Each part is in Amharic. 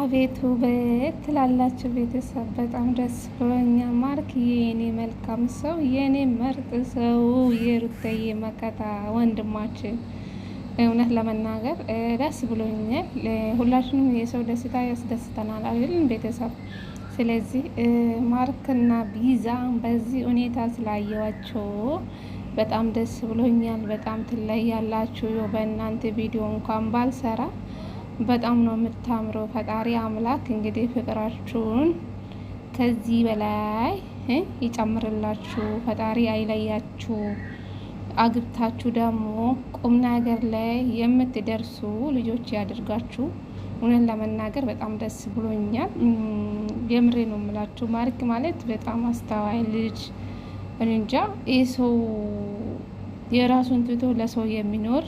አቤት ውበት ትላላችሁ ቤተሰብ፣ በጣም ደስ ብሎኛል። ማርክ የኔ መልካም ሰው፣ የኔ መርጥ ሰው፣ የሩታዬ መከታ ወንድማችን፣ እውነት ለመናገር ደስ ብሎኛል። ሁላችንም የሰው ደስታ ያስደስተናል አይደል ቤተሰብ? ስለዚህ ማርክና ቢዛ በዚህ ሁኔታ ስላየዋቸው በጣም ደስ ብሎኛል። በጣም ትለያላችሁ። በእናንተ ቪዲዮ እንኳን ባልሰራ በጣም ነው የምታምረው። ፈጣሪ አምላክ እንግዲህ ፍቅራችሁን ከዚህ በላይ ይጨምርላችሁ፣ ፈጣሪ አይለያችሁ። አግብታችሁ ደግሞ ቁም ነገር ላይ የምትደርሱ ልጆች ያድርጋችሁ። እውነት ለመናገር በጣም ደስ ብሎኛል። የምሬ ነው የምላችሁ። ማርክ ማለት በጣም አስተዋይ ልጅ እንጃ ይህ ሰው የራሱን ትቶ ለሰው የሚኖር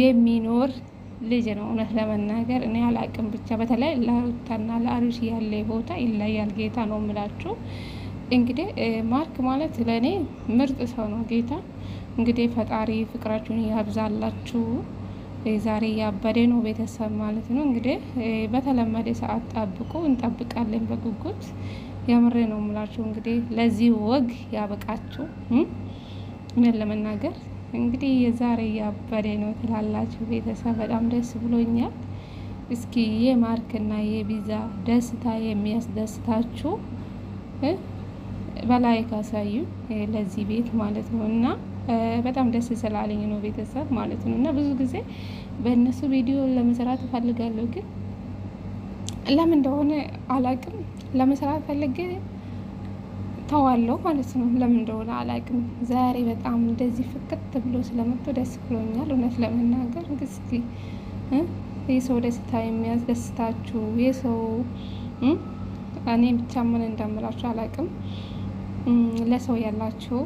የሚኖር ልጅ ነው። እውነት ለመናገር እኔ አላቅም። ብቻ በተለይ ለሩታና ለአብርሽ ያለ ቦታ ይለያል። ጌታ ነው የምላችሁ። እንግዲህ ማርክ ማለት ለእኔ ምርጥ ሰው ነው። ጌታ እንግዲህ ፈጣሪ ፍቅራችሁን እያብዛላችሁ። ዛሬ ያበደ ነው ቤተሰብ ማለት ነው። እንግዲህ በተለመደ ሰዓት ጠብቁ፣ እንጠብቃለን በጉጉት የምሬ ነው የምላችሁ። እንግዲህ ለዚህ ወግ ያበቃችሁ ምን ለመናገር እንግዲህ የዛሬ ያበደ ነው ትላላችሁ ቤተሰብ። በጣም ደስ ብሎኛል። እስኪ የማርክና የቪዛ ደስታ የሚያስደስታችሁ በላይ ካሳዩ ለዚህ ቤት ማለት ነው እና በጣም ደስ ስላለኝ ነው ቤተሰብ ማለት ነው እና ብዙ ጊዜ በእነሱ ቪዲዮ ለመስራት እፈልጋለሁ፣ ግን ለምን እንደሆነ አላቅም ለመስራት ፈልጌ ተዋለው ማለት ነው። ለምን እንደሆነ አላውቅም። ዛሬ በጣም እንደዚህ ፍቅት ብሎ ስለመቶ ደስ ብሎኛል። እውነት ለመናገር እስኪ የሰው ደስታ የሚያስደስታችሁ የሰው እኔ ብቻ ምን እንደምላችሁ አላውቅም። ለሰው ያላችሁ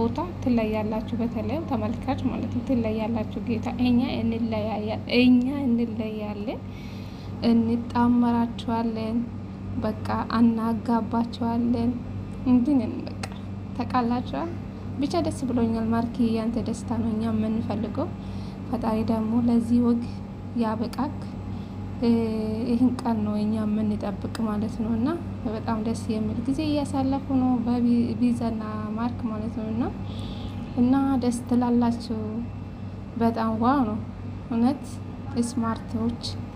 ቦታ ትለያላችሁ። በተለይ ተመልካች ማለት ነው ትለያላችሁ። ጌታ እኛ እንለያለን፣ እኛ እንለያለን፣ እንጣመራችኋለን በቃ አናጋባቸዋለን እንድንን በቃ ተቃላቸዋል። ብቻ ደስ ብሎኛል ማርኪ፣ ያንተ ደስታ ነው እኛ የምንፈልገው። ፈጣሪ ደግሞ ለዚህ ወግ ያበቃክ። ይህን ቀን ነው እኛ የምንጠብቅ ማለት ነው። እና በጣም ደስ የሚል ጊዜ እያሳለፉ ነው በቤዛና ማርክ ማለት ነው። እና እና ደስ ትላላችሁ። በጣም ዋው ነው እውነት ስማርቶች